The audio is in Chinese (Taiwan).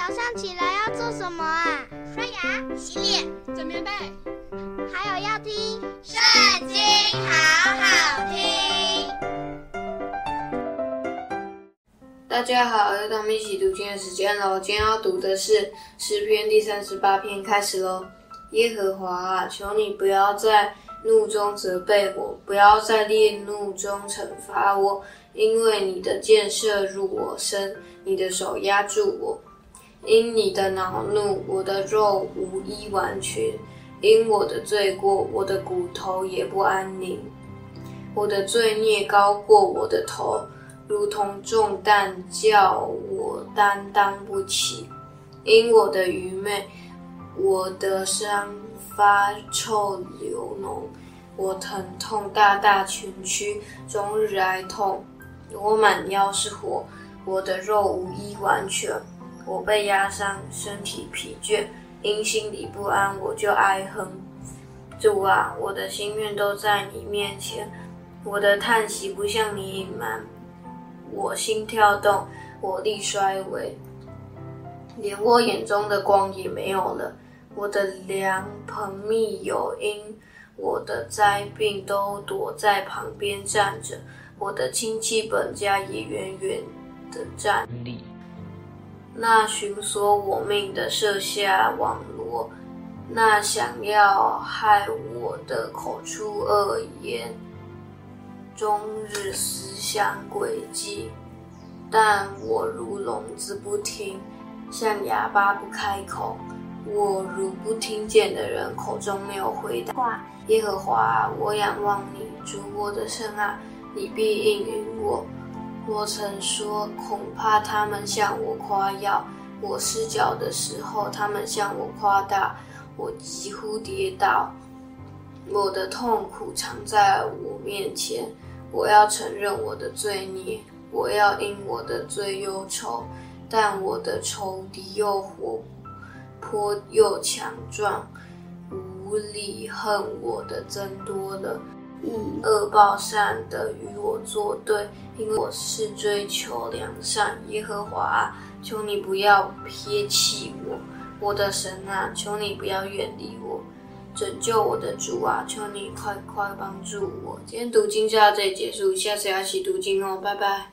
早上起來要做什麼啊？刷牙、洗臉、準備背，還有要聽《聖經》，好好聽。大家好，又到我們一起讀經的時間嘍。今天要讀的是詩篇第三十八篇，開始嘍。耶和華啊，求你不要在怒中責備我，不要在烈怒中懲罰我，因為你的箭射入我身，你的手壓住我。因你的惱怒，我的肉無一完全；因我的罪過，我的骨頭也不安寧。我的罪孽高過我的頭，如同重擔，叫我擔當不起。因我的愚昧，我的傷發臭流膿，我疼痛大大拳曲，終日哀痛。我滿腰是火，我的肉無一完全。我被壓傷，身體疲倦，因心裡不安，我就唉哼。主啊，我的心願都在你面前，我的嘆息不向你隱瞞。我心跳動，我力衰微，連我眼中的光也沒有了。我的良朋密友，因我的災病，都躲在旁邊站着；我的親戚本家，也遠遠地站立。嗯那尋索我命的設下網羅，那想要害我的口出惡言，終日思想詭計，但我如聾子不聽，像啞巴不開口，我如不聽見的人，口中沒有回答。耶和華，我仰望你，主我的神啊，你必應允我。我曾說，恐怕他們向我誇耀，我失腳的時候，他們向我誇大，我幾乎跌倒。我的痛苦常在我面前，我要承認我的罪孽，我要因我的罪憂愁。但我的仇敵又活潑又強壯，無理恨我的增多了。以惡、嗯、報善的與我作對，因為我是追求良善。耶和華啊，求你不要撇棄我，我的神啊，求你不要遠離我，拯救我的主啊，求你快快幫助我。今天讀經就到這裡結束，下次要一起讀經哦，拜拜。